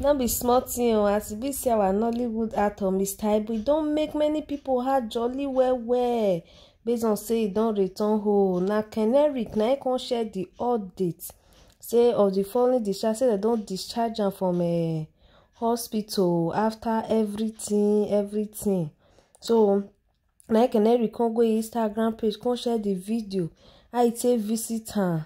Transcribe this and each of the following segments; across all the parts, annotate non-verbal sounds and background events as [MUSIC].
no be small tin o as e be say our nollywood actor mr ibu don make many pipo heart jolly well well based on say e don return home na keneric na e come share di update say of di following discharge say dem don discharge am from uh, hospital after everything everything so na keneric come go instagram page come share di video how e take visit am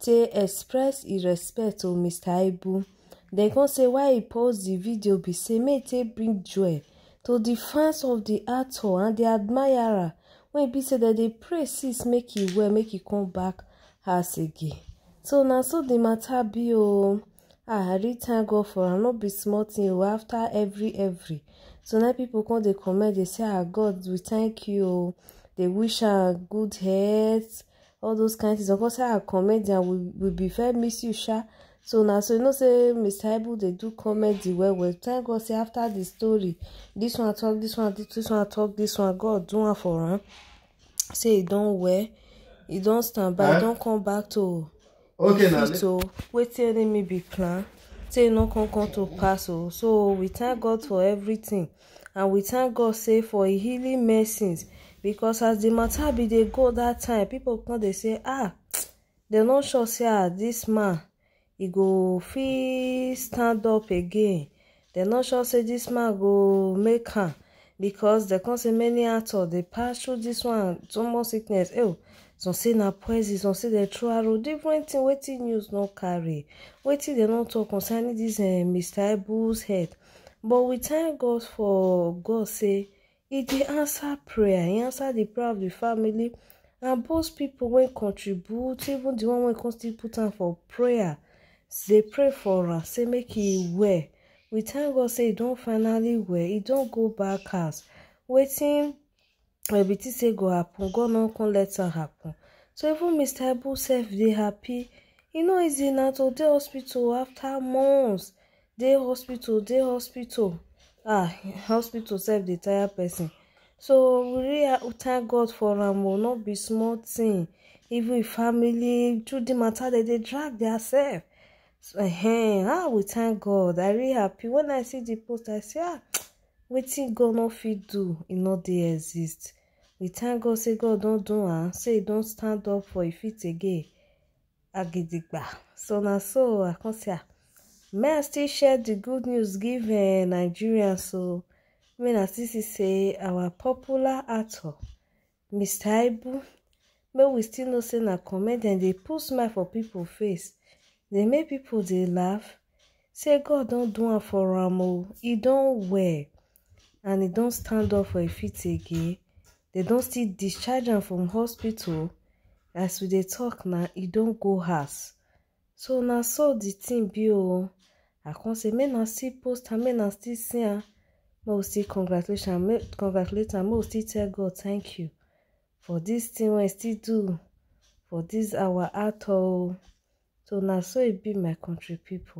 take express e respect to mr ibu. Then come say why he post the video be say make e bring joy to the fans of the actor and the admirer wey be say dem dey pray since make e well make e come back house again so now so the matter be oh, i really thank god for am not be small thing after every every so now people come dey comment they say ah god we thank you They wish am good health all those kind things of course I comment comedian we we be fair miss you sha so now, so you know say mr ibu they do comment the well well thank god say after the story this one talk this one this one talk this one god do one for him. say e don well e don stand by e eh? don come back to okay, fit o oh. wetin enemy be plan say e no come come to pass o oh. so we thank god for everything and we thank god say for e healing mercies because as the matter be, they go that time people come they say ah dem no sure say ah this man e go fit stand up again dem no sure say dis man go make am because dem come say many actors dey pass through dis one tumor sickness oh some say na poison some say dem throw arrow different thing wetin news no carry wetin dem no talk concerning dis uh, eh, mr ebu's head. but we thank god for god say He dey answer prayer He answer the prayer of the family and both people wey contribute even the one wey come still put am for prayer They pray for am say make e well we thank god say e don finally well e don go back house wetin everything say go happen god no come let am happen so even mr ibu sef dey happy e no easy na to dey hospital after months dey hospital dey hospital ah [LAUGHS] hospital sef dey tire person so we really thank god for am o oh, no be small thing even family through the matter dem dey drag their sef so ehen, ah we thank god i really happy when i see the post i say ah wetin god no fit do e no dey exist we thank god say god don do am say e don stand up for e feet again agidigba so na so i come say ah may i still share the good news give uh, nigerians So may na still see say our popular actor mr ibu May we still know say na comment dem dey put smile for people face dey make people dey laugh say god don do am for am o e don well and e don stand up for im feet again dem don still discharge am from hospital as we dey talk na e don go house so na so the thing be o i come say make na still post am make na still see am make we still congratulate am congratulate am make we still tell god thank you for this thing wey e still do for this our heart o so na so e be my country pipo